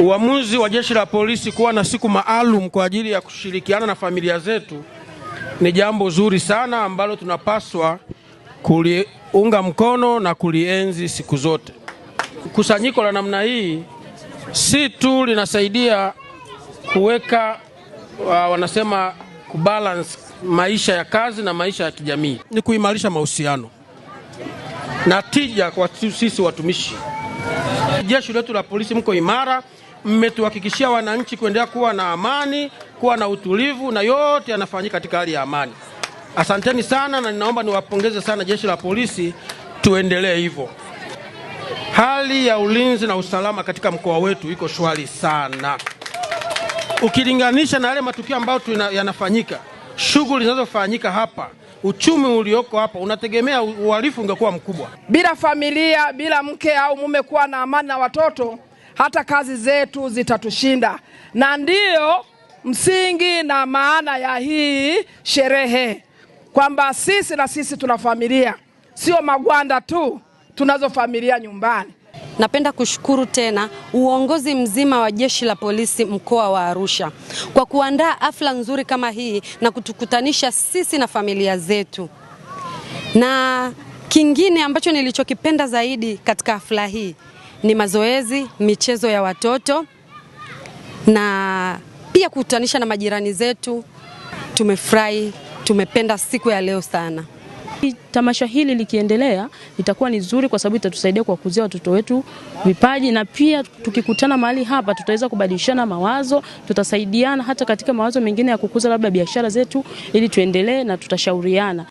Uamuzi wa jeshi la polisi kuwa na siku maalum kwa ajili ya kushirikiana na familia zetu ni jambo zuri sana ambalo tunapaswa kuliunga mkono na kulienzi siku zote. Kusanyiko la namna hii si tu linasaidia kuweka wa wanasema kubalance maisha ya kazi na maisha ya kijamii, ni kuimarisha mahusiano na tija kwa sisi watumishi. Jeshi letu la polisi mko imara, mmetuhakikishia wananchi kuendelea kuwa na amani, kuwa na utulivu, na yote yanafanyika katika hali ya amani. Asanteni sana, na ninaomba niwapongeze sana jeshi la polisi, tuendelee hivyo. Hali ya ulinzi na usalama katika mkoa wetu iko shwari sana, ukilinganisha na yale matukio ambayo yanafanyika, shughuli zinazofanyika hapa uchumi ulioko hapa unategemea uhalifu ungekuwa mkubwa. Bila familia, bila mke au mume kuwa na amani na watoto, hata kazi zetu zitatushinda, na ndiyo msingi na maana ya hii sherehe kwamba sisi na sisi tuna familia, sio magwanda tu tunazo familia nyumbani napenda kushukuru tena uongozi mzima wa Jeshi la Polisi mkoa wa Arusha kwa kuandaa afla nzuri kama hii na kutukutanisha sisi na familia zetu. Na kingine ambacho nilichokipenda zaidi katika afla hii ni mazoezi, michezo ya watoto na pia kukutanisha na majirani zetu. Tumefurahi, tumependa siku ya leo sana. Tamasha hili likiendelea itakuwa ni zuri, kwa sababu itatusaidia kuwakuzia watoto wetu vipaji, na pia tukikutana mahali hapa tutaweza kubadilishana mawazo, tutasaidiana hata katika mawazo mengine ya kukuza labda biashara zetu ili tuendelee, na tutashauriana.